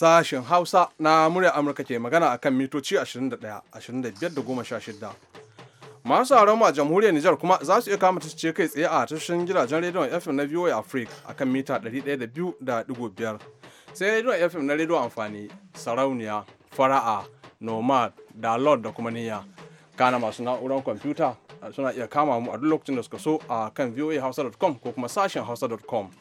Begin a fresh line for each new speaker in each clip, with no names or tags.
sashen hausa na murya amurka ke magana akan mitoci 21 25 shida masu sauran a jamhuriyar nijar kuma za su iya kama ce kai tsaye a tashin gidajen rediyon fm na voa africa akan mita 102.5 sai rediyon fm na rediyon amfani sarauniya fara'a nomad da da kuma niyya kana masu na'urar kwamfuta eh, suna iya kama mu a duk lokacin da suka so a kan voahausa.com ko kuma sashen hausa.com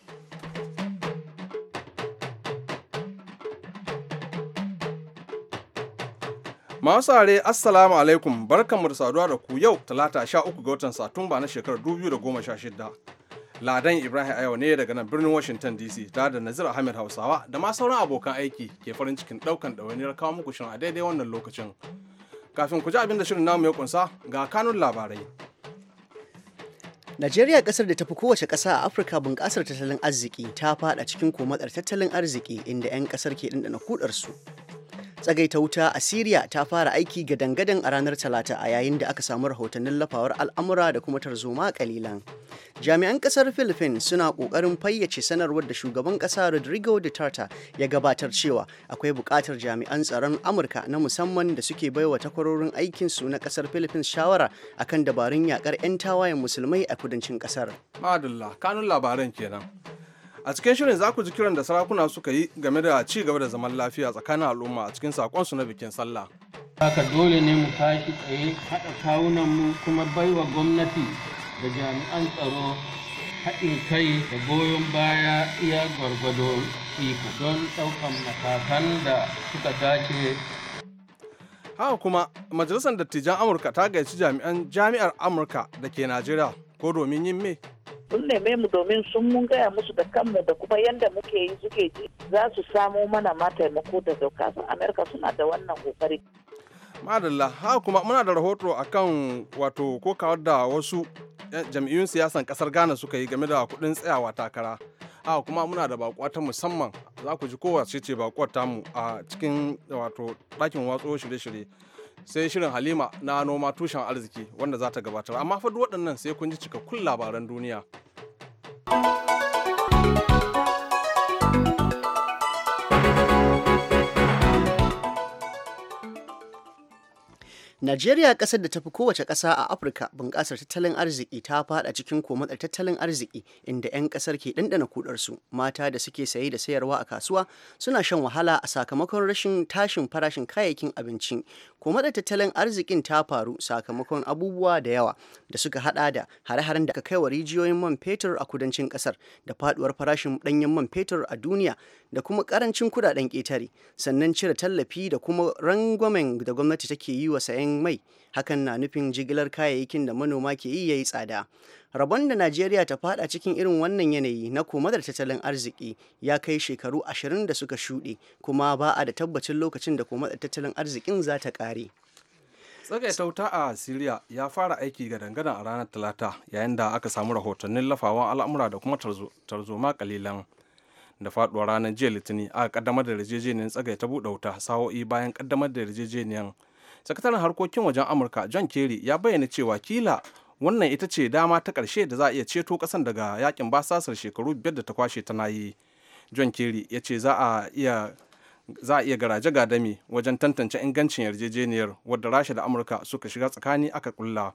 Masu tsare Assalamu alaikum barkanmu da saduwa da ku yau talata sha uku ga watan Satumba na shekarar dubu da goma sha shida Ladan Ibrahim Ayo ne daga nan birnin Washington DC ta da Nazir Ahmed Hausawa da ma sauran abokan aiki ke farin cikin ɗaukan ɗawainiyar kawo muku shirin a daidai wannan lokacin. Kafin ku ji abin
da shirin namu ya kunsa
ga kanun labarai.
Najeriya kasar da ta fi kowace ƙasa a Afirka bunƙasar tattalin arziki ta fada cikin komatsar tattalin arziki inda 'yan ƙasar ke ɗanɗana kudarsu. su. tsagaita wuta a Siriya ta fara aiki gadangadan dangadan a ranar Talata a yayin da aka samu rahotannin lafawar al'amura da kuma tarzoma kalilan. Jami'an kasar Philippines suna kokarin fayyace sanarwar da shugaban kasa Rodrigo Duterte ya gabatar cewa akwai buƙatar jami'an tsaron Amurka na musamman da suke baiwa takwarorin aikin su na kasar Philippines shawara akan dabarun yakar 'yan tawayen musulmai a kudancin kasar.
Madalla, kanun labaran kenan. a cikin shirin za ku ji kiran da sarakuna suka yi game da ci gaba da zaman lafiya tsakanin al'umma a cikin sakonsu na bikin sallah
haka dole ne mu tashi tsaye haɗa kawunan mu kuma baiwa gwamnati da jami'an tsaro haɗin kai da goyon baya iya gwargwado iko don ɗaukan matakan da suka dace
haka kuma majalisar dattijan amurka ta gaici jami'an jami'ar amurka da ke najeriya ko domin yin me
sun neme mu domin sun mun gaya musu da kanmu da kuma yadda muke yi suke ji za su samo mana ma taimako daga kasan amerika suna da wannan kokari
madalla ha kuma muna da rahoto akan wato ko kawar da wasu eh, jam'iyyun siyasan kasar ghana suka yi game da kuɗin tsayawa takara a kuma muna da bakuwa ta musamman za ku ji kowace ce bakwar tamu a cikin wato ɗakin watso shirye-shirye sai shirin halima na noma tushen arziki wanda za ta gabatar amma fa waɗannan sai kun ji cikakkun labaran duniya.
Najeriya ƙasar da ta fi kowace ƙasa a Afirka bunƙasar tattalin arziki ta faɗa cikin komatsar tattalin arziki inda 'yan ƙasar ke ɗanɗana kudarsu mata da suke saye da sayarwa a kasuwa suna shan wahala a sakamakon rashin tashin farashin kayayyakin abinci komatsar tattalin arzikin ta faru sakamakon abubuwa da yawa da suka haɗa da hare-haren da aka kai wa rijiyoyin man fetur a kudancin ƙasar da faɗuwar farashin ɗanyen man fetur a duniya da kuma karancin kudaden ƙetare sannan cire tallafi da kuma rangwamen da gwamnati take yi wa sayan mai hakan na nufin jigilar kayayyakin da manoma ke yi yayi tsada rabon da najeriya ta fada cikin irin wannan yanayi na komadar tattalin arziki ya kai shekaru ashirin da suka shuɗe kuma ba a da tabbacin lokacin da komadar tattalin arzikin za ta ƙare
tsagai tauta a siriya ya fara aiki ga dangana a ranar talata yayin da aka samu rahotannin lafawan al'amura da kuma tarzoma kalilan da faduwar ranar jiya litini a kaddamar da yarjejeniyar tsagai ta buɗe wuta sa'o'i bayan kaddamar da yarjejeniyar sakataren harkokin wajen amurka john kerry ya bayyana cewa kila wannan ita ce dama ta ƙarshe da za a iya ceto ƙasan daga yakin basasar shekaru biyar da ta kwashe tana yi john kerry ya ce za a iya za a iya garaje gadami wajen tantance ingancin yarjejeniyar wadda rasha da amurka suka shiga tsakani aka kulla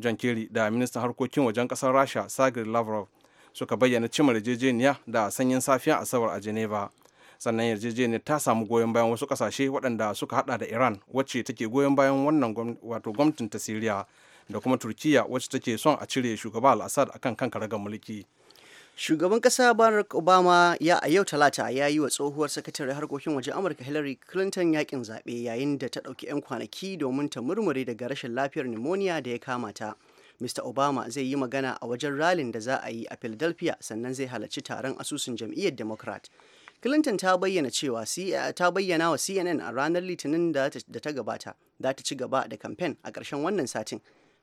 john kerry da ministan harkokin wajen kasar rasha sagir lavrov suka bayyana cimar yarjejeniya da sanyin safiya asabar a geneva sannan yarjejeniyar ta samu goyon bayan wasu kasashe waɗanda suka hada da iran wacce take goyon bayan wannan wato gwamnatin ta siriya da kuma turkiya wacce take son a cire shugaba al-assad akan kan karagar mulki
shugaban kasa barack obama ya a yau talata ya yi wa tsohuwar sakatare harkokin waje amurka hillary clinton yakin zaɓe yayin da ta ɗauki 'yan kwanaki domin ta murmure daga rashin lafiyar pneumonia da ya kama ta mr obama zai yi magana a wajen ralin da za a yi a philadelphia sannan zai halarci taron asusun jam'iyyar democrat clinton ta bayyana cewa eh, ta bayyana wa cnn a ranar litinin da ta gabata za ta ci gaba da kamfen a ƙarshen wannan satin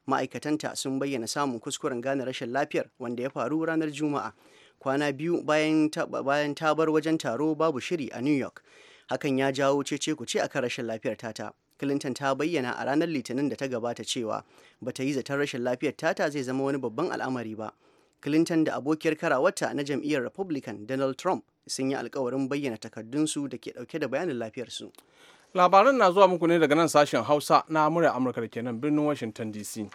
ma'aikatanta sun bayyana samun kuskuren gane rashin lafiyar wanda ya faru ranar juma'a kwana biyu bayan ta bar wajen taro babu shiri a new york hakan ya jawo cece ku ce akan rashin lafiyar tata clinton ta bayyana a ranar litinin da ta gabata cewa ba ta yi zaton rashin lafiyar tata zai zama wani babban al'amari ba clinton da abokiyar karawarta na jam'iyyar republican donald trump sun yi alkawarin bayyana takardunsu da ke dauke da bayanin lafiyarsu
labaran na zuwa muku ne daga nan sashen hausa na murya amurka da ke birnin washington dc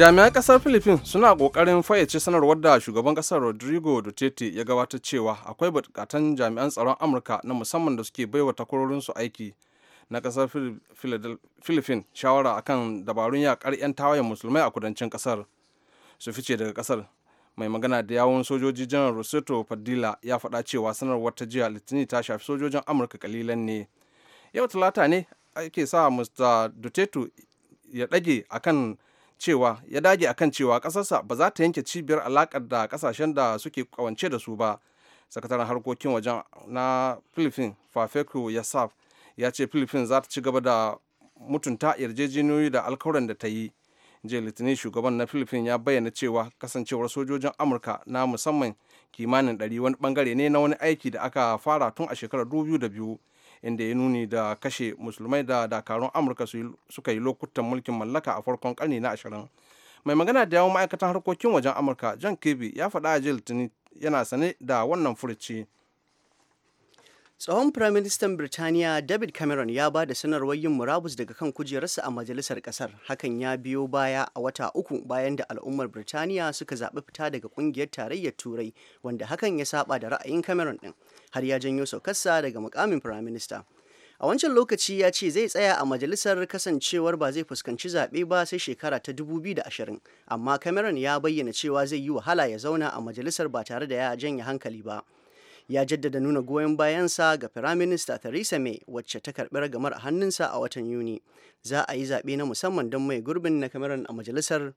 jami'an kasar philippines suna kokarin fayyace sanarwar da shugaban kasar rodrigo duterte ya gabata cewa akwai bukatan jami'an tsaron amurka na musamman da suke baiwa su aiki na kasar philippines shawara akan dabarun yakar 'yan tawayen musulmai a kudancin kasar su fice daga kasar mai magana da yawon sojoji janar roseto fadila ya faɗa cewa sanarwar ta jiya litinin ta shafi sojojin amurka kalilan ne yau talata ne ake sa mr duterte ya ɗage akan cewa ya dage akan cewa ƙasarsa ba za ta yanke cibiyar alaƙar da ƙasashen da suke kawance da su ba sakataren harkokin wajen na philippines fafeku yasaf ya ce filifin za ta ci gaba da mutunta yarjejeniyoyi da alkawarin da ta yi jiya litinin shugaban na filifin ya bayyana cewa kasancewar sojojin amurka na musamman kimanin ɗari wani bangare ne na wani aiki da aka fara tun a shekarar biyu inda ya nuni da kashe musulmai da dakarun amurka suka yi lokutan mulkin mallaka a farkon karni na ashirin mai magana da yawon ma'aikatan harkokin wajen amurka john kirby
ya faɗa a jiya litinin yana sane da wannan furuci tsohon firaministan birtaniya david cameron ya ba da sanarwar yin murabus daga kan kujerarsa a majalisar kasar hakan ya biyo baya a wata uku bayan da al'ummar birtaniya suka zaɓi fita daga ƙungiyar tarayyar turai wanda hakan ya saba da ra'ayin cameron din har ya janyo saukarsa daga mukamin firaminista. a wancan lokaci ya ce zai tsaya a majalisar kasancewar ba zai fuskanci zaɓe ba sai shekara ta dubu biyu da ashirin amma cameron ya bayyana cewa zai yi wahala ya zauna a majalisar ba tare da ya janye hankali ba ya jaddada nuna goyon bayansa ga firaminista theresa may wacce ta karɓi ragamar a hannunsa a watan yuni za a yi zaɓe na musamman don mai gurbin na cameron a majalisar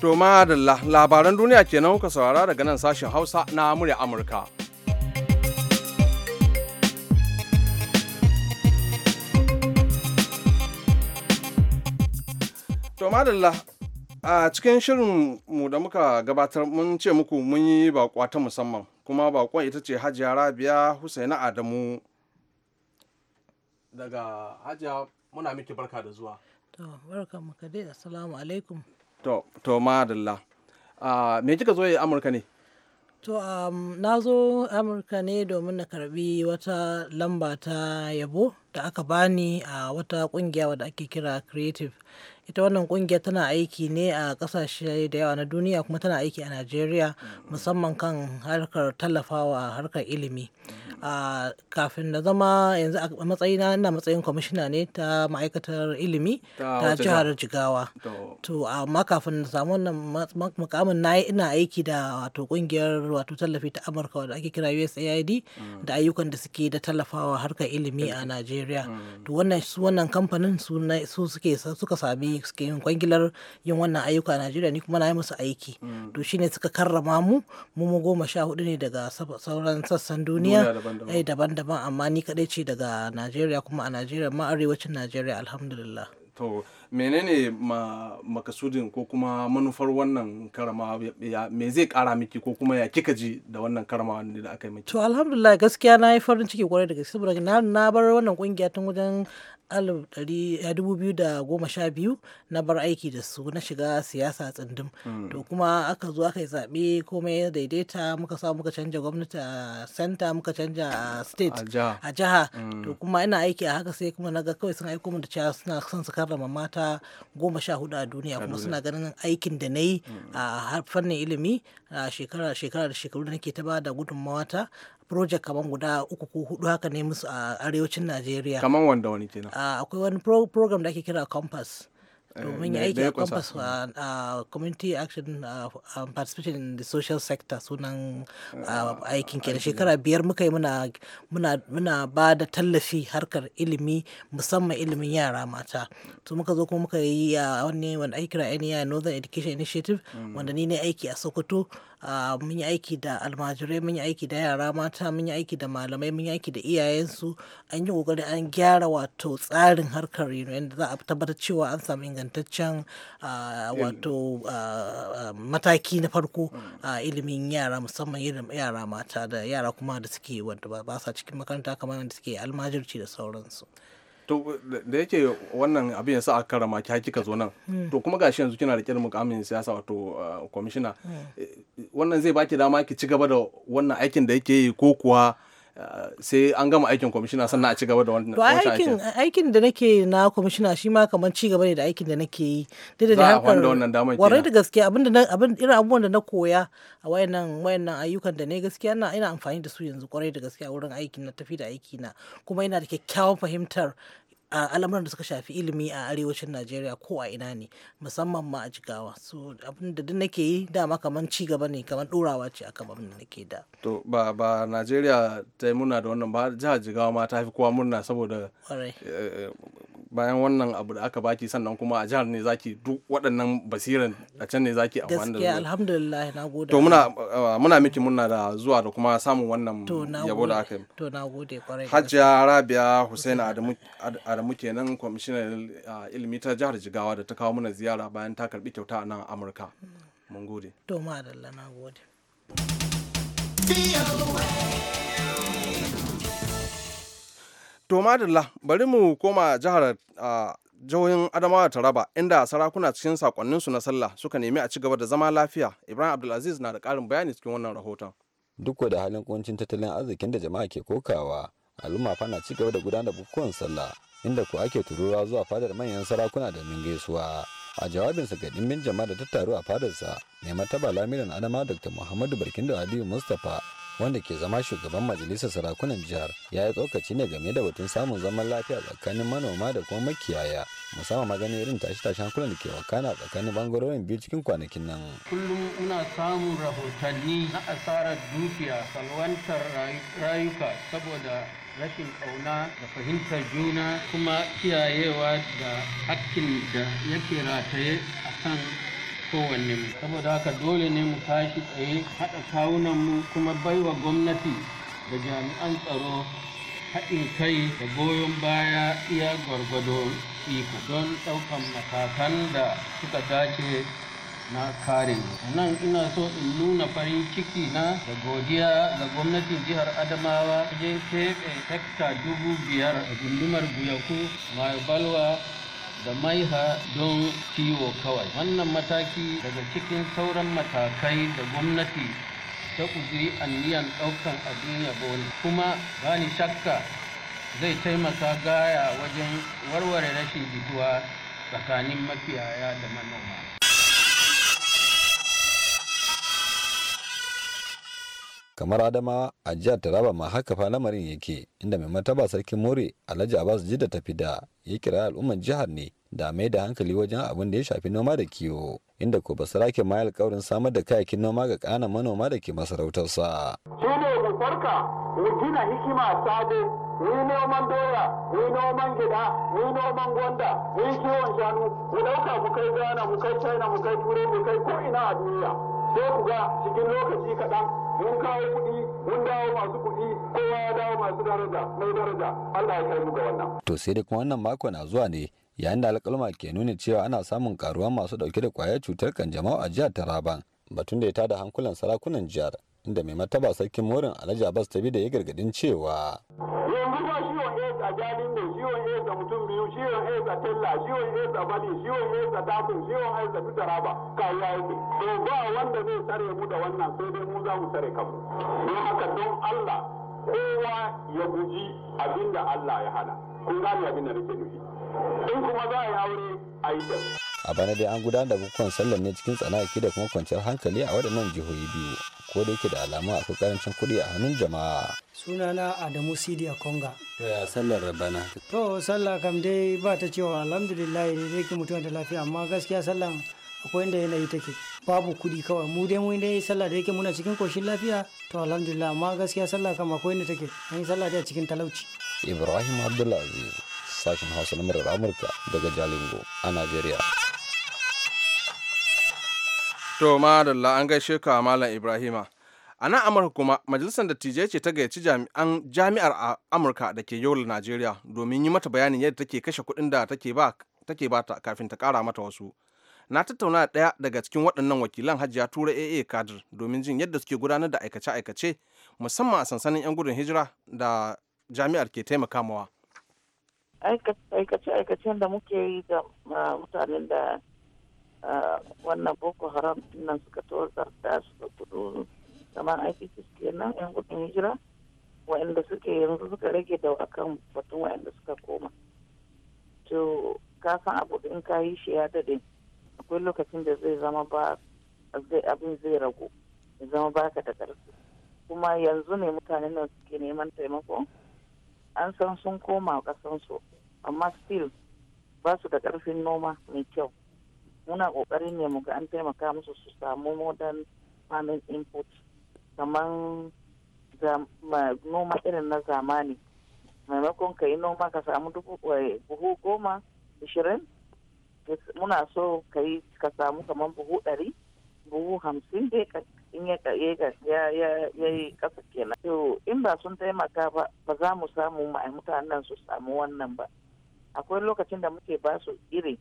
To da labaran duniya kenan kuka saurara daga nan sashen Hausa na murya Amurka. To madalla a cikin shirin mu da muka gabatar mun ce muku mun yi bakwa ta musamman kuma bakon ita ce Hajiya Rabia Husaina Adamu
daga
Hajiya muna miki barka da zuwa. To
barka muka dai assalamu alaikum.
to ma madalla uh, me kika zo yi amurka ne to
um, na zo amurka ne domin na karbi wata lamba ta yabo da aka bani a wata kungiya wadda ake kira creative ita wannan kungiya tana aiki ne a kasashe da yawa na duniya kuma tana aiki a najeriya musamman kan harkar tallafawa harkar ilimi kafin da zama yanzu a matsayina ina matsayin kwamishina ne ta ma'aikatar ilimi ta jihar jigawa to amma kafin na samu wannan mukamin na ina aiki da wato kungiyar wato tallafi ta amurka wadda ake kira usaid mm. da ayyukan da suke da tallafawa harkar ilimi a najeriya mm. to wannan su wannan kamfanin su suke suka sami suke yin kwangilar yin wannan ayyuka a najeriya ni kuma na yi musu aiki mm. to shine suka karrama mu mu goma sha hudu ne daga sauran sassan duniya daban-daban eh, daban-daban amma ni kadai ce daga najeriya kuma a najeriya ma arewacin najeriya alhamdulillah
to menene ma makasudin ko kuma manufar wannan karama ya me zai kara miki ko kuma ya kika ji da wannan karama da aka yi miki
to alhamdulillah gaskiya na yi farin ciki kwarai da gaske saboda na, bar wannan ƙungiya tun wajen 2012 eh, na bar aiki da su na shiga siyasa tsindin mm. to kuma aka zo aka yi zaɓe komai ya daidaita muka sa muka canja gwamnati a center muka canja a state a jiha mm. to kuma ina aiki a haka sai kuma naga kawai sun aiko mu da cewa suna son su karrama mata goma sha hudu a duniya kuma suna ganin aikin da na yi mm. a fannin ilimi a shekara shekara da shekaru da nake ta ba da gudunmawa ta project kaman guda uku ko hudu haka ne musu a arewacin Najeriya. Kaman
wanda wani kenan.
Akwai wani program da ake kira Compass. Eh, domin ya aiki a compass a community action participation in the social sector sunan ah, aikin kenan shekara biyar muka yi muna ba da tallafi harkar ilimi musamman ilimin yara mata to muka zo kuma muka yi wani wanda ake kira NEI Northern Education Initiative mm. wanda ni ne aiki a Sokoto mun yi aiki da almajirai mun yi aiki da yara mata mun yi aiki da malamai mun yi aiki da iyayensu an yi kokari an gyara wato tsarin harkar reno yadda za a tabbatar cewa an samu ingantaccen wato mataki na farko a ilimin yara musamman yara mata da yara kuma da suke wanda ba sa cikin makaranta kamar da suke almajirci da sauransu.
to da yake wannan abin ya sa aka karama ki hakika zo nan hmm. to kuma gashi yanzu kina da kirin mukamin siyasa wato ah, kwamishina hmm. eh, wannan zai baki dama ki ci gaba da wannan aikin da yake yi ko kuwa sai an gama aikin kwamishina sannan a ci gaba da wannan aikin
aikin da nake na kwamishina shi ma kamar ci gaba ne da aikin da nake yi duk da harkar warai da gaske abin da abin irin abubuwan da na koya a wayannan wayannan ayyukan da ne gaskiya ina ina amfani da su yanzu kwarai da gaske a wurin aikin na tafi da aiki na kuma ina da kyakkyawan fahimtar a al'amuran da suka shafi ilimi a arewacin najeriya ko a ina ne musamman ma a jigawa so abin da duk nake yi dama kamar ci gaba ne kamar ɗorawa ce akan abin da nake da
to ba ba najeriya ta yi muna da wannan ba jihar jigawa ma ta fi kowa murna saboda bayan wannan abu da aka baki sannan kuma a jihar ne zaki duk waɗannan basiran a can ne zaki a wanda gaskiya
alhamdulillah na gode to muna uh, muna
miki muna da zuwa da kuma samun wannan yabo da aka yi to
na gode kwarai
hajjia rabia husaina adamu adamu kenan commissioner uh, ilimi ta jihar jigawa da ta kawo mana ziyara bayan ta karbi kyauta a nan amurka mun gode
to madalla na gode
To madalla bari mu koma jihar jihohin Adamawa Taraba inda sarakuna cikin sakonninsu na sallah suka nemi a ci gaba da zama lafiya. Ibrahim Abdulaziz na da karin bayani cikin wannan rahoton.
Duk da halin kuncin tattalin arzikin da jama'a ke kokawa, al'umma fa na ci gaba da gudanar da bukukuwan sallah inda ku ake turuwa zuwa fadar manyan sarakuna da gaisuwa. a jawabinsa ga dimbin jama'a da ta taru a fadarsa mai mataba lamiran adama dr muhammadu barkindo aliyu mustapha wanda ke zama shugaban majalisar sarakunan jihar ya yi tsokaci ne game da batun samun zaman lafiya tsakanin manoma da kuma makiyaya musamman maganin irin tashi tashi hankulan da ke wakana tsakanin bangarorin biyu cikin kwanakin nan.
kullum muna samun rahotanni na asarar dukiya salwantar rayuka saboda rashin ƙauna da fahimtar juna kuma kiyayewa da hakkin da yake rataye a kan kowanne mu saboda haka dole ne mu tashi tsaye haɗa kawunan mu kuma baiwa gwamnati da jami'an tsaro haɗin kai da goyon baya iya gwargwado iko don ɗaukan matakan da suka dace na kare nan ina so in nuna farin ciki na da godiya ga gwamnatin jihar adamawa wajen keɓe hekta dubu biyar a gundumar guyaku mai balwa da maiha don kiwo kawai wannan mataki daga cikin sauran matakai da gwamnati ta kudiri niyan ɗaukan abin yabo ne kuma bani shakka zai taimaka gaya wajen warware rashin jituwa tsakanin mafiyaya da manoma
kamar adama a jihar taraba ma haka fa lamarin yake inda mai mataba sarkin more alhaji abbas jidda ta fida ya kira al'umman jihar ne da mai da hankali wajen abin da ya shafi noma da kiwo inda ko basarake ma alƙawarin samar da kayakin noma ga ƙananan manoma da ke masarautar shi
shine ku
farka mu gina hikima sabo ni noman doya ni noman gida ni noman gwanda ni kiwon shanu mu ɗauka mu kai gana mu kai china mu kai turai mu
kai ko'ina a duniya sai ku ga cikin lokaci kaɗan mun kawo kuɗi mun dawo masu kuɗi kowa ya dawo masu daraja mai daraja allah ya kai mu ga wannan.
to sai da kuma wannan mako na zuwa ne yayin da alkalma ke nuna cewa ana samun karuwa masu ɗauke da kwaya cutar kanjamau a jihar Taraban batun da ya tada hankulan sarakunan jihar inda mai mataba sarkin morin Alhaji Abbas Tabi da ya gargadin cewa
yanzu ba ciwon AIDS a jalin ne ciwon AIDS a mutum biyu ciwon AIDS a tella ciwon AIDS a bali ciwon AIDS a dakun ciwon AIDS a tutaraba kariya
yake to ba wanda zai tsare mu da wannan sai dai mu za mu tsare kanmu don haka don
Allah kowa ya guji abinda Allah ya hana kun gane abinda nake nufi in kuma za a yi aure a yi
a bana dai an gudanar da bukukuwan sallar ne cikin tsanaki da kuma kwanciyar hankali a waɗannan jihohi biyu ko da yake da alama akwai karancin kuɗi a hannun jama'a
sunana adamu sidi a konga
to ya sallar bana
to sallah kam dai ba ta cewa alhamdulillah ne dai mutum da lafiya amma gaskiya sallan akwai inda yanayi take babu kuɗi kawai mu dai mun dai sallah da yake muna cikin koshin lafiya to alhamdulillah amma gaskiya sallah kam akwai inda take an yi sallah dai a cikin talauci
ibrahim aziz. sashen hausa na murar amurka daga jalingo a nigeria.
to madalla an gaishe ka malam ibrahima a nan amurka kuma majalisar dattijai ce ta gayyaci jami'an jami'ar a amurka da ke yola nigeria domin yi mata bayanin yadda take kashe kuɗin da take ba take bata kafin ta kara mata wasu na tattauna ɗaya daga cikin waɗannan wakilan hajiya tura aa kadir domin jin yadda suke gudanar da aikace-aikace musamman a sansanin 'yan gudun hijira da jami'ar ke taimaka mawa.
aikace-aikacen da muke yi ga ah, mutanen da ah, wannan boko haram nan suka tozar da suka kudu kamar aiki kenan yan gudun hijira wa'inda suke yanzu suka rage da akan batun wa'inda suka koma to ka san abu in ka yi shi ya dade akwai lokacin da zai zama ba zai abin zai ragu ya zama baka da ƙarfi kuma yanzu ne mutanen nan suke neman taimako an san sun koma kasansu amma still ba su da karfin noma mai kyau muna kokarin ne mu ga an taimaka musu su samu modern farming input kamar noma irin na zamani maimakon ka yi noma ka samu eh, buhu goma ishirin muna so ka yi ka samu kamar buhu ɗari buhu hamsin dai in ya ya yi ƙasa kenan to in ba sun taimaka ba ba za mu samu ma'ai mutanen su samu wannan ba akwai lokacin da muke ba su iri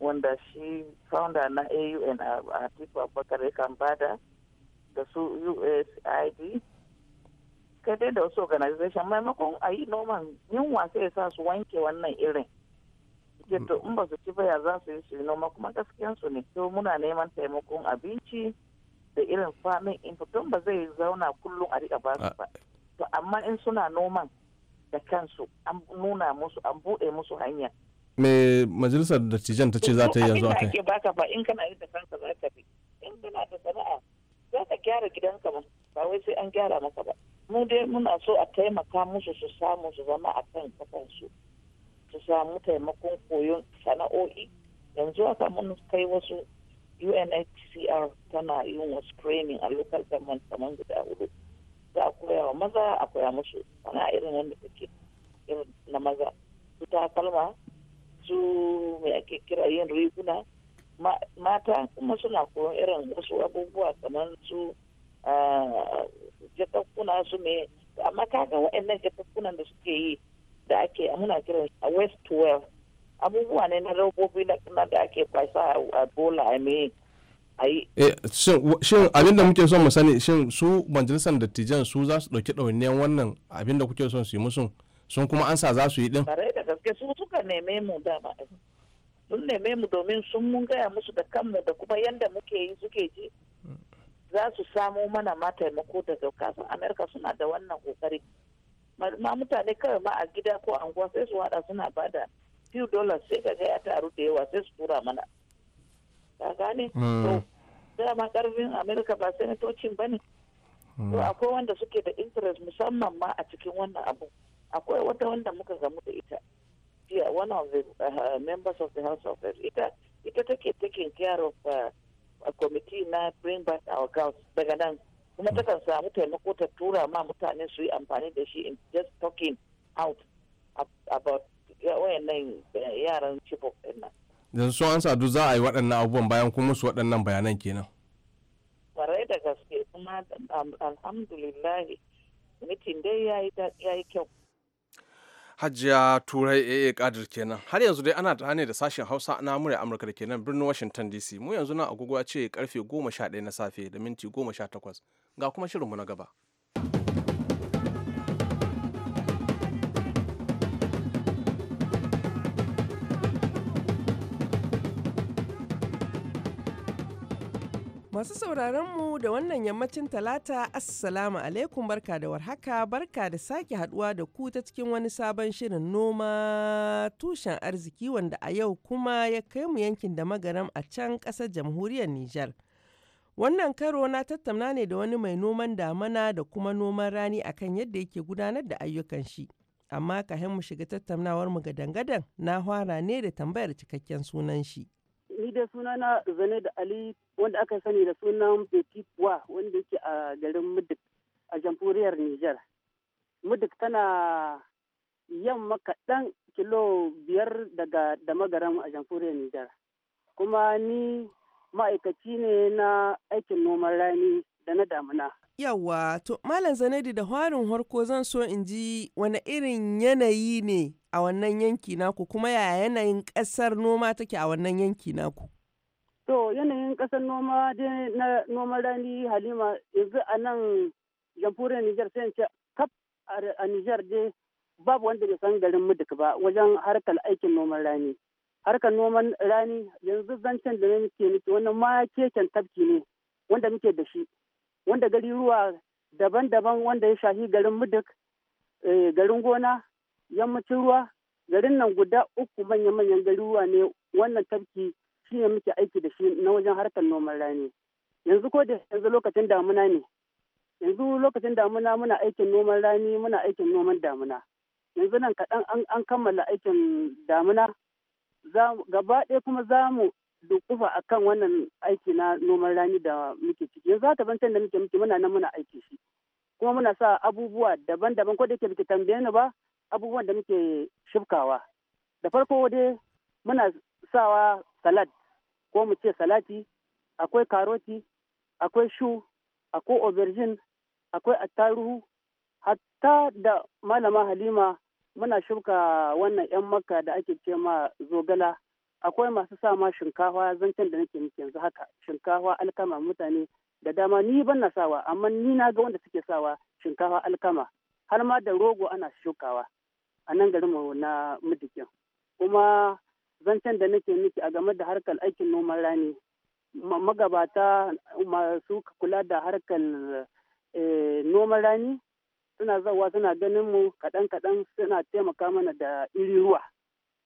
wanda shi founder na AUN a Atiku Abubakar yakan bada da su USID kai dai da wasu organization maimakon a yi noman yunwa ya sa su wanke wannan irin to in ba su ci ba ya za su yi su noma kuma gaskiyansu ne to muna neman taimakon abinci da irin famin in don ba zai zauna kullum a riƙa basu ah. ba to amma in suna noman da kansu an nuna musu an buɗe musu hanya
me majalisar dattijan ta ce za ta yi yanzu a ake
baka in kana yi da kanka za ka bi in kana da sana'a za ka gyara gidanka ma ba wai sai an gyara maka ba mu dai muna so a taimaka musu su samu su zama a kan kafansu su samu taimakon koyon sana'o'i yanzu aka mun kai wasu unhcr tana yin wasu training a local government kamar guda hudu za a koya wa maza a koya musu sana irin wanda take irin na maza su takalma su mai ake kira yin riguna mata kuma suna koyon irin wasu abubuwa kamar su jakakkuna su mai amma kaga waɗannan jakakkunan da suke yi da ake muna kiran west to abubuwa ne na robobi na da ake kwasa a bola a me
eh, shin abin da muke son mu sani shin su majalisar dattijan su za su ɗauki ɗawainiyar wannan abin da kuke son su yi musu sun kuma ansa za su yi din
bare da gaske su suka neme mu dama sun neme mu domin sun mun gaya musu da kanmu da kuma yadda muke yi suke ji za su samo mana ma taimako daga kasan amerika suna da wannan kokari ma mutane kawai ma a gida ko anguwa sai su wada suna bada few dollars sai ka ga ya taru da yawa sai su tura mana ka gane hmm. to dama karfin america ba senatocin ba ne hmm. to akwai wanda suke da interest musamman ma a cikin wannan abu akwai wata wanda muka gamu da ita jiya one of the uh, members of the house of ita ita take taking care of uh, a committee na bring back our girls daga nan kuma hmm. takan samu taimako ta tura ma mutane su yi amfani da shi in just talking out about wayannan eh, yaran chibok din
yanzu sun an sadu za a yi waɗannan abubuwan bayan kuma su waɗannan bayanan kenan
kwarai da gaske kuma alhamdulillah mitin dai ya yi kyau
Hajiya Turai AA Kadir kenan. Har yanzu dai ana tare da sashen Hausa na murya Amurka da kenan birnin Washington DC. Mu yanzu na agogo ce karfe 11 na safe da minti 18. Ga kuma shirinmu na gaba.
Masu sauraron mu da wannan yammacin talata Assalamu alaikum barka da warhaka barka da sake haduwa da ku ta cikin wani sabon shirin noma tushen arziki wanda a yau kuma ya kai mu yankin da magaram a can kasar jamhuriyar Nijar. Wannan karo na tattauna ne da wani mai noman damana da kuma noman rani akan yadda yake gudanar da ayyukan shi. Amma ka mu shiga tattaunawar mu ga dangadan na fara ne da tambayar cikakken sunan shi.
ni dai sunana zane da ali wanda aka sani da sunan petit wa wanda yake a garin mudik a jamhuriyar niger mudik tana yamma kaɗan kilo biyar daga damagaram a jamhuriyar nijar kuma ni ma'aikaci ne na aikin noman rani da na damuna
Yawwa, to Malam Zanadi da harin harko zan so in ji wani irin yanayi ne a wannan yanki naku kuma ya yanayin kasar noma take a wannan yanki naku?
To yanayin ƙasar noma dai na noman rani Halima yanzu a nan jamhuriyar Nijar sai ce kaf a Nijar dai babu wanda bai san garin Muduk ba wajen harkar aikin noman rani. Harkar noman rani yanzu zancen da nake miki wannan ma keken tafki ne wanda muke da shi. wanda gariruwa daban-daban wanda ya shahi garin muduk eh, garin gona yammacin ruwa garin nan guda uku manya-manyan garuruwa ne wannan tafki shi ne muke aiki da shi na wajen harkar noman rani yanzu ko da yanzu lokacin damuna ne yanzu lokacin damuna muna aikin noman rani muna aikin noman damuna yanzu nan kaɗan an kammala aikin damuna gaba ɗaya kuma za mu dukufa a kan wannan aiki na noman rani da muke ciki yanzu haka ban da muke muke muna nan muna aiki shi kuma muna sa abubuwa daban-daban ko da yake muke tambaye ni ba abubuwan da muke shifkawa da farko dai muna sawa salad ko mu ce salati akwai karoti akwai shu akwai aubergine akwai attaruhu hatta da malama halima muna shuka wannan 'yan makka da ake ce ma zogala akwai masu sa ma shinkafa zancen da nake miki yanzu haka shinkafa alkama mutane da dama ni ban na sawa amma ni na ga wanda suke sawa shinkafa alkama har ma da rogo ana shukawa a nan garin na mutukin kuma zancen da nake miki a game da harkar aikin noman rani magabata masu kula da harkar eh, noman rani suna zawa suna ganin mu kaɗan-kaɗan suna taimaka mana da iri ruwa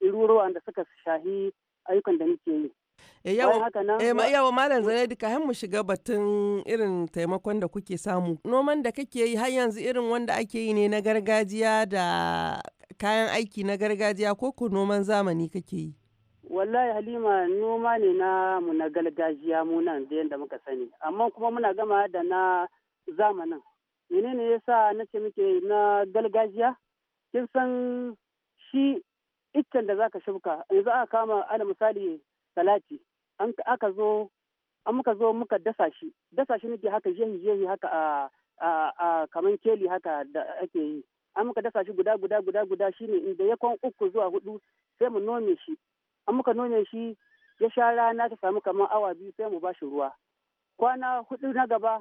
iruruwan da suka shahi ayyukan da muke yi. E eh, yawa eh, malam
zanadi ka mu shiga batun irin taimakon da kuke samu. Noman da kake yi har yanzu irin wanda ake yi ne na gargajiya da kayan aiki na gargajiya ko ku noman zamani kake yi?
Wallahi Halima noma ne na mu na gargajiya mu nan da yadda muka sani. Amma kuma muna gama da na zamanin. Menene yasa na ce muke na gargajiya? Kin san shi iccen da zaka shuka yanzu aka kama ana misali salati an aka zo an muka zo muka dasa shi dasa shi nake haka jehi jehi haka a a a kaman keli haka da ake yi an muka dasa shi guda guda guda guda shine inda ya kwan uku zuwa hudu sai mu nome shi an muka nome shi ya sha rana ta samu kaman awa biyu sai mu bashi ruwa kwana hudu na gaba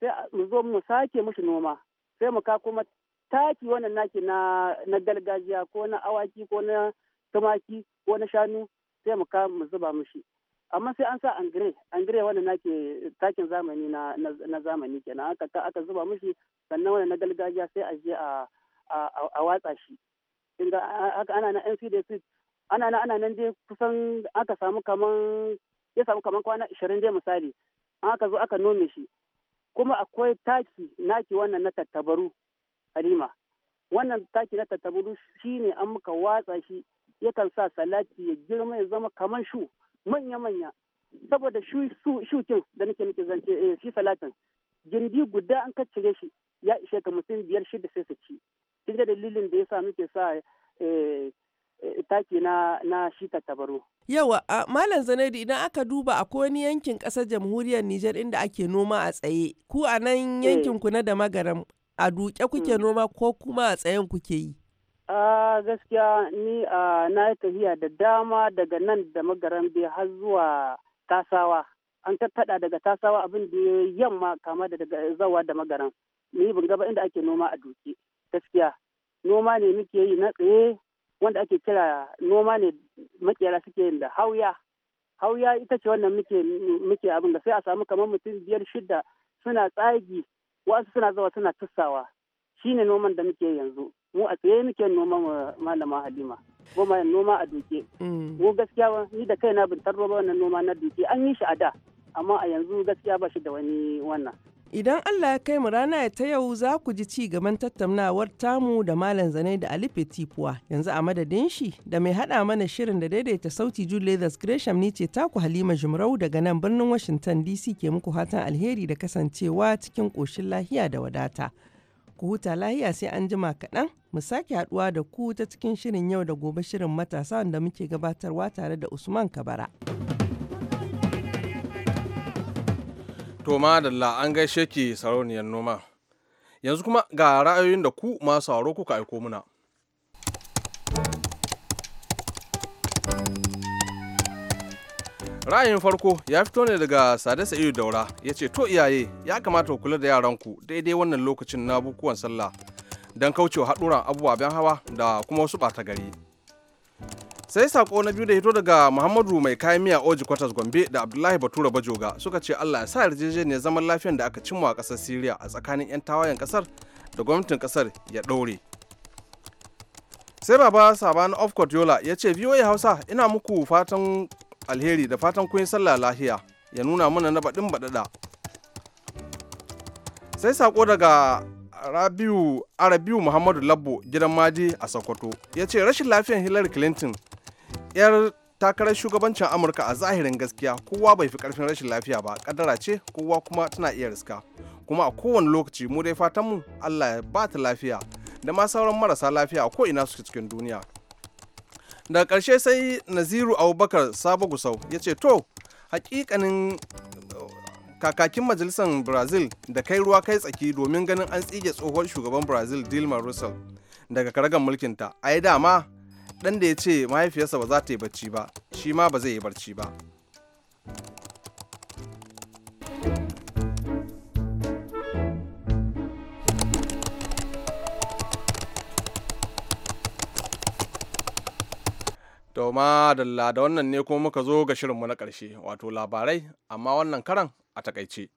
sai mu zo mu sake mushi noma sai mu ka kuma taki wannan naki na na gargajiya ko na awaki ko na tumaki ko na shanu sai mu ka mu zuba mishi amma sai an sa angire angire wannan naki takin zamani na na zamani kenan aka aka zuba mishi sannan wannan na gargajiya sai a je a a watsa shi inda aka ana na NCDC ana na ana nan dai kusan aka samu kaman ya samu kaman kwana 20 dai misali aka zo aka nome shi kuma akwai taki naki wannan na tattabaru halima wannan taki na tattabaru shi ne an muka watsa shi yakan sa salati ya girma ya zama kamar shu manya-manya saboda shukin da nake nake zance eh, shi salatin gindi guda an kaccire shi ya ishe ka mutum biyar shida sai su ci kin dalilin da sa muke sa eh, eh, taki na na shi tattabaru
yawa malam zanadi idan aka duba a wani yankin kasar jamhuriyar Nijar inda ake noma a tsaye ku a nan yankin ku na da magaram a duke kuke hmm. noma ko kuma a tsayen kuke yi?
A gaskiya ni na yi tafiya da dama daga nan da magaran har zuwa tasawa. An tattaɗa daga tasawa abin da ya yamma kama da daga zawa da magaran. Ni ban gaba inda ake noma a duke. Gaskiya noma ne muke yi na tsaye wanda ake kira noma ne makera suke yin da hauya. Hauya ita ce wannan muke abin da sai a samu kamar mutum biyar shida suna tsagi wasu suna zawa suna tussawa ne noman da muke yanzu mu a tsaye muke noma uh, malama halima goma noma a duke mm. mu gaskiya ni da kaina bin tarro wannan noma na duke an yi shi a da amma a yanzu gaskiya ba shi da wani wannan
Idan Allah ya kai mu rana ta yau za ku ji ci gaban tattaunawar tamu da Malam Zane da Alife Tipuwa yanzu a madadin shi da mai haɗa mana shirin da daidaita sauti Julius Gresham ni ce taku Halima Jumrau daga nan birnin Washington DC ke muku hatan alheri da kasancewa cikin koshin lahiya da wadata. Ku huta lahiya sai an jima kaɗan mu sake haɗuwa da ku ta cikin shirin yau da gobe shirin matasa wanda muke gabatarwa tare da Usman Kabara.
To dalla an gaishe ki sarauniyar noma. Yanzu kuma ga ra'ayoyin da ku masu sauro kuka aiko muna. Ra'ayin farko ya fito ne daga Sade Sa'idu Daura ya ce to iyaye ya kamata ku kula da yaranku daidai wannan lokacin na bukuwan sallah don kaucewa haɗuran abubuwan hawa da kuma wasu ɓata gari. sai sako na biyu da hito daga muhammadu mai kayan miya oji kwatas gombe da abdullahi batura bajoga suka ce allah ya sa yarjejeniyar zaman lafiyan da aka cimma a kasar syria a tsakanin 'yan tawayan kasar da gwamnatin kasar ya ɗore sai baba sabani of yola ya ce voa hausa ina muku fatan alheri da fatan kun sallah lahiya ya nuna mana na baɗin baɗaɗa sai sako daga rabiu arabiu muhammadu labbo gidan madi a sokoto ya ce rashin lafiyan hillary clinton 'yar takarar shugabancin amurka a zahirin gaskiya kowa bai fi karfin rashin lafiya ba kaddara ce kowa kuma tana iya riska kuma a kowane lokaci mu dai fatanmu allah ya ba ta lafiya da ma sauran marasa lafiya a ko'ina suke cikin duniya daga ƙarshe sai naziru abubakar sabo gusau ya ce to hakikanin kakakin majalisar brazil da kai ruwa kai tsaki domin ganin an tsige tsohon shugaban brazil dilma rousseff daga karagar mulkinta a dama ɗan da ya ce mahaifiyarsa ba za ta yi barci ba shi ma ba zai yi barci ba ma dalla da wannan ne kuma muka zo ga shirinmu na ƙarshe wato labarai amma wannan karan a takaice.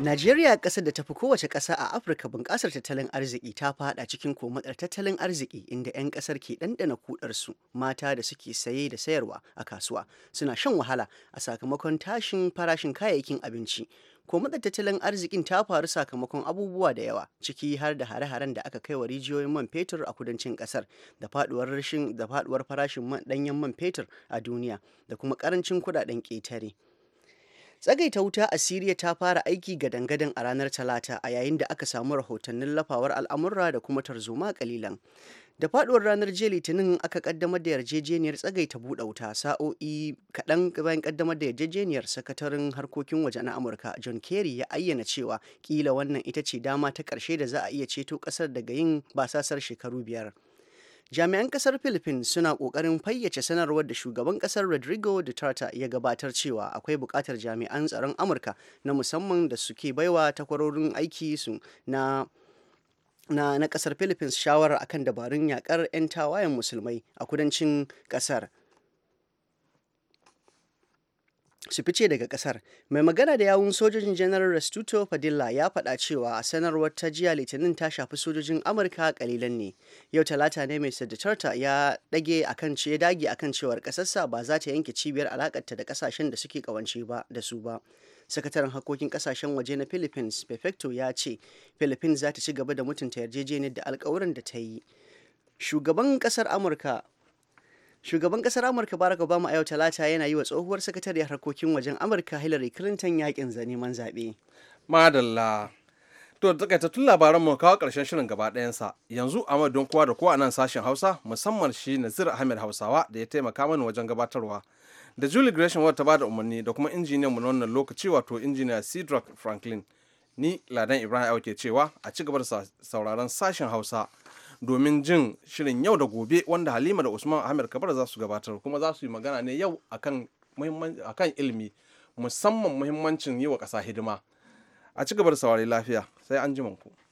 Najeriya ƙasar da ta fi kowace ƙasa a Afirka bunƙasar tattalin arziki ta faɗa cikin komatsar tattalin arziki inda 'yan ƙasar ke ɗanɗana kudarsu mata da suke saye da sayarwa a kasuwa suna shan wahala a sakamakon tashin farashin kayayyakin abinci. Komatsar tattalin arzikin ta faru sakamakon abubuwa da yawa ciki har da hare-haren da aka kai wa rijiyoyin man fetur a kudancin ƙasar da faduwar rashin da faduwar farashin ɗanyen man fetur a duniya da kuma ƙarancin kuɗaɗen ƙetare. tsagaita wuta a siriya ta fara aiki ga dangadin a ranar talata a yayin da aka samu rahotannin lafawar al'amurra da kuma tarzoma kalilan da faduwar ranar jiya litinin aka kaddamar da yarjejeniyar tsagaita buɗe wuta sa'o'i kaɗan bayan kaddamar da yarjejeniyar sakataren harkokin waje na amurka john kerry ya ayyana cewa kila wannan ita ce dama ta ƙarshe da za a iya ceto ƙasar daga yin basasar shekaru biyar jami'an kasar philippines suna kokarin fayyace sanarwar da shugaban kasar rodrigo duterte ya gabatar cewa akwai bukatar jami'an tsaron amurka na musamman da suke baiwa takwarorin aiki su na na, na kasar philippines shawarar akan dabarun yakar 'yan tawayen musulmai a kudancin kasar su fice daga kasar mai magana da yawun sojojin general restuto fadilla ya faɗa cewa sanarwar ta jiya litinin ta shafi sojojin amurka kalilan ne yau talata ne mai sadatarta ya dage akan ce dage akan cewar kasarsa ba za ta yanke cibiyar alakarta da kasashen da suke kawance ba da su ba sakataren harkokin kasashen waje na philippines perfecto ya ce philippines za ta ci gaba da mutunta yarjejeniyar da alkawuran da ta yi shugaban kasar amurka Shugaban kasar Amurka Barack Obama a yau Talata yana yi wa tsohuwar sakatariyar harkokin wajen Amurka Hillary Clinton yakin man zaɓe.
Madalla. To da tun labaran mu kawo karshen shirin gaba sa Yanzu a don kowa da kowa nan sashen Hausa musamman shi Nazir Ahmed Hausawa da ya taimaka mana wajen gabatarwa. Da Julie Gresham wata ta da umarni da kuma injiniyan mu na wannan lokaci wato injiniya Cedric Franklin. Ni Ladan Ibrahim ke cewa a ci gaba da sauraron sashen Hausa domin jin shirin yau da gobe wanda halima da usman ahmed kabar za su gabatar kuma za su yi magana ne yau akan kan ilimi musamman muhimmancin yi wa ƙasa hidima a ci gaba da saurari lafiya sai an ji ku.